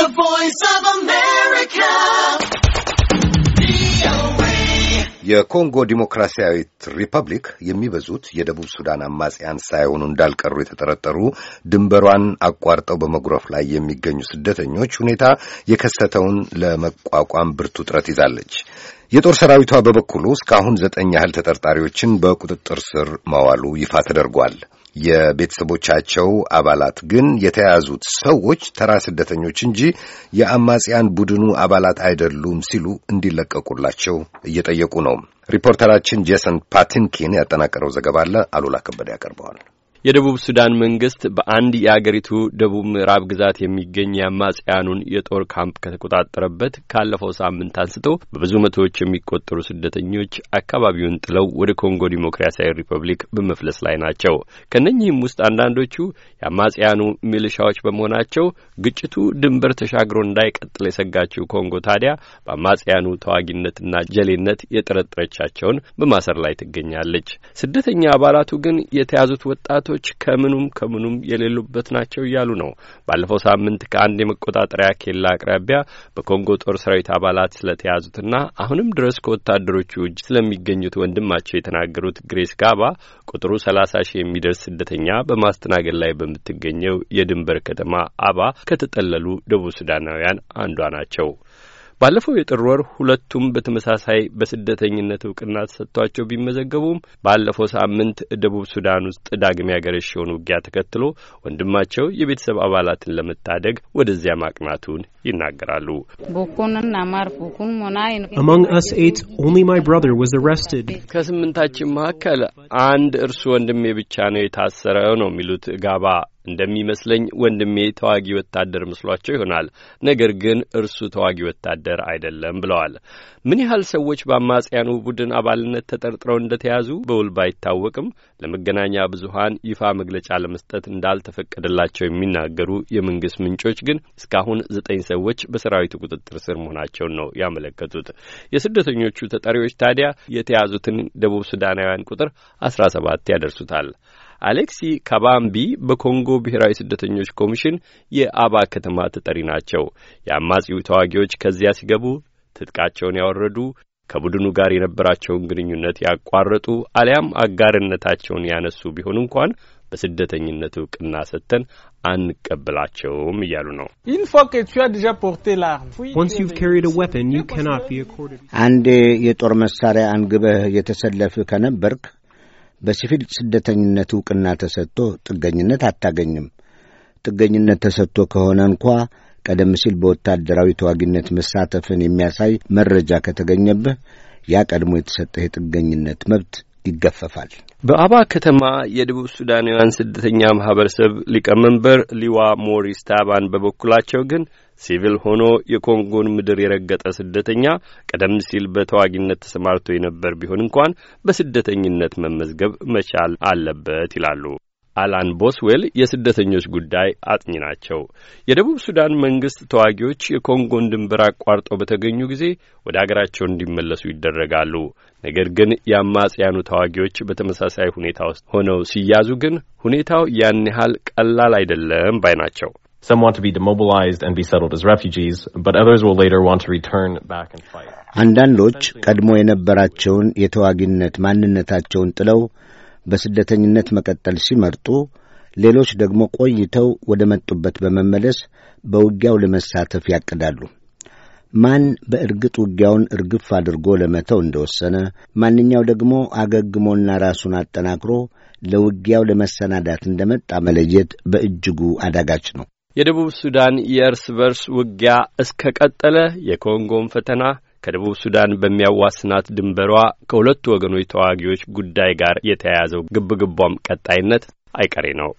The Voice of America. የኮንጎ ዲሞክራሲያዊት ሪፐብሊክ የሚበዙት የደቡብ ሱዳን አማጽያን ሳይሆኑ እንዳልቀሩ የተጠረጠሩ ድንበሯን አቋርጠው በመጉረፍ ላይ የሚገኙ ስደተኞች ሁኔታ የከሰተውን ለመቋቋም ብርቱ ጥረት ይዛለች። የጦር ሰራዊቷ በበኩሉ እስካሁን ዘጠኝ ያህል ተጠርጣሪዎችን በቁጥጥር ስር መዋሉ ይፋ ተደርጓል። የቤተሰቦቻቸው አባላት ግን የተያዙት ሰዎች ተራ ስደተኞች እንጂ የአማጽያን ቡድኑ አባላት አይደሉም ሲሉ እንዲለቀቁላቸው እየጠየቁ ነው። ሪፖርተራችን ጄሰን ፓቲንኪን ያጠናቀረው ዘገባ አለ። አሉላ ከበደ ያቀርበዋል። የደቡብ ሱዳን መንግስት በአንድ የአገሪቱ ደቡብ ምዕራብ ግዛት የሚገኝ የአማጽያኑን የጦር ካምፕ ከተቆጣጠረበት ካለፈው ሳምንት አንስቶ በብዙ መቶዎች የሚቆጠሩ ስደተኞች አካባቢውን ጥለው ወደ ኮንጎ ዲሞክራሲያዊ ሪፐብሊክ በመፍለስ ላይ ናቸው። ከእነኚህም ውስጥ አንዳንዶቹ የአማጽያኑ ሚልሻዎች በመሆናቸው ግጭቱ ድንበር ተሻግሮ እንዳይቀጥል የሰጋችው ኮንጎ ታዲያ በአማጽያኑ ተዋጊነትና ጀሌነት የጠረጠረቻቸውን በማሰር ላይ ትገኛለች። ስደተኛ አባላቱ ግን የተያዙት ወጣቱ ግኝቶች ከምኑም ከምኑም የሌሉበት ናቸው እያሉ ነው። ባለፈው ሳምንት ከአንድ የመቆጣጠሪያ ኬላ አቅራቢያ በኮንጎ ጦር ሰራዊት አባላት ስለተያዙትና አሁንም ድረስ ከወታደሮቹ እጅ ስለሚገኙት ወንድማቸው የተናገሩት ግሬስ ጋባ ቁጥሩ ሰላሳ ሺህ የሚደርስ ስደተኛ በማስተናገድ ላይ በምትገኘው የድንበር ከተማ አባ ከተጠለሉ ደቡብ ሱዳናውያን አንዷ ናቸው። ባለፈው የጥር ወር ሁለቱም በተመሳሳይ በስደተኝነት እውቅና ተሰጥቷቸው ቢመዘገቡም ባለፈው ሳምንት ደቡብ ሱዳን ውስጥ ዳግም ያገረሸውን ውጊያ ተከትሎ ወንድማቸው የቤተሰብ አባላትን ለመታደግ ወደዚያ ማቅናቱን ይናገራሉ። ከስምንታችን መካከል አንድ እርሱ ወንድሜ ብቻ ነው የታሰረው ነው የሚሉት ጋባ እንደሚመስለኝ ወንድሜ ተዋጊ ወታደር መስሏቸው ይሆናል። ነገር ግን እርሱ ተዋጊ ወታደር አይደለም ብለዋል። ምን ያህል ሰዎች በአማጽያኑ ቡድን አባልነት ተጠርጥረው እንደተያዙ በውል ባይታወቅም ለመገናኛ ብዙሃን ይፋ መግለጫ ለመስጠት እንዳልተፈቀደላቸው የሚናገሩ የመንግስት ምንጮች ግን እስካሁን ዘጠኝ ሰዎች በሰራዊቱ ቁጥጥር ስር መሆናቸውን ነው ያመለከቱት። የስደተኞቹ ተጠሪዎች ታዲያ የተያዙትን ደቡብ ሱዳናውያን ቁጥር አስራ ሰባት ያደርሱታል። አሌክሲ ካባምቢ በኮንጎ ብሔራዊ ስደተኞች ኮሚሽን የአባ ከተማ ተጠሪ ናቸው። የአማጺው ተዋጊዎች ከዚያ ሲገቡ ትጥቃቸውን ያወረዱ ከቡድኑ ጋር የነበራቸውን ግንኙነት ያቋረጡ አሊያም አጋርነታቸውን ያነሱ ቢሆን እንኳን በስደተኝነት እውቅና ሰጥተን አንቀበላቸውም እያሉ ነው። አንድ የጦር መሳሪያ አንግበህ የተሰለፍህ ከነበርክ በሲቪል ስደተኝነት ዕውቅና ተሰጥቶ ጥገኝነት አታገኝም። ጥገኝነት ተሰጥቶ ከሆነ እንኳ ቀደም ሲል በወታደራዊ ተዋጊነት መሳተፍን የሚያሳይ መረጃ ከተገኘብህ ያ ቀድሞ የተሰጠህ የጥገኝነት መብት ይገፈፋል። በአባ ከተማ የደቡብ ሱዳናውያን ስደተኛ ማህበረሰብ ሊቀመንበር ሊዋ ሞሪስ ታባን በበኩላቸው ግን ሲቪል ሆኖ የኮንጎን ምድር የረገጠ ስደተኛ ቀደም ሲል በተዋጊነት ተሰማርቶ የነበር ቢሆን እንኳን በስደተኝነት መመዝገብ መቻል አለበት ይላሉ። አላን ቦስዌል የስደተኞች ጉዳይ አጥኚ ናቸው። የደቡብ ሱዳን መንግሥት ተዋጊዎች የኮንጎን ድንበር አቋርጠው በተገኙ ጊዜ ወደ አገራቸው እንዲመለሱ ይደረጋሉ። ነገር ግን የአማጽያኑ ተዋጊዎች በተመሳሳይ ሁኔታ ውስጥ ሆነው ሲያዙ ግን ሁኔታው ያን ያህል ቀላል አይደለም ባይ ናቸው። Some want to be demobilized and be settled as refugees, but others will later want to return back and fight. አንዳንዶች ቀድሞ የነበራቸውን የተዋጊነት ማንነታቸውን ጥለው በስደተኝነት መቀጠል ሲመርጡ፣ ሌሎች ደግሞ ቆይተው ወደ መጡበት በመመለስ በውጊያው ለመሳተፍ ያቅዳሉ። ማን በእርግጥ ውጊያውን እርግፍ አድርጎ ለመተው እንደወሰነ፣ ማንኛው ደግሞ አገግሞና ራሱን አጠናክሮ ለውጊያው ለመሰናዳት እንደመጣ መለየት በእጅጉ አዳጋች ነው። የደቡብ ሱዳን የእርስ በርስ ውጊያ እስከ ቀጠለ የኮንጎን ፈተና ከደቡብ ሱዳን በሚያዋስናት ድንበሯ ከሁለቱ ወገኖች ተዋጊዎች ጉዳይ ጋር የተያያዘው ግብግቧም ቀጣይነት አይቀሬ ነው።